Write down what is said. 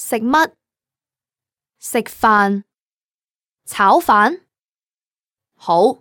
食乜？食飯。炒飯？好。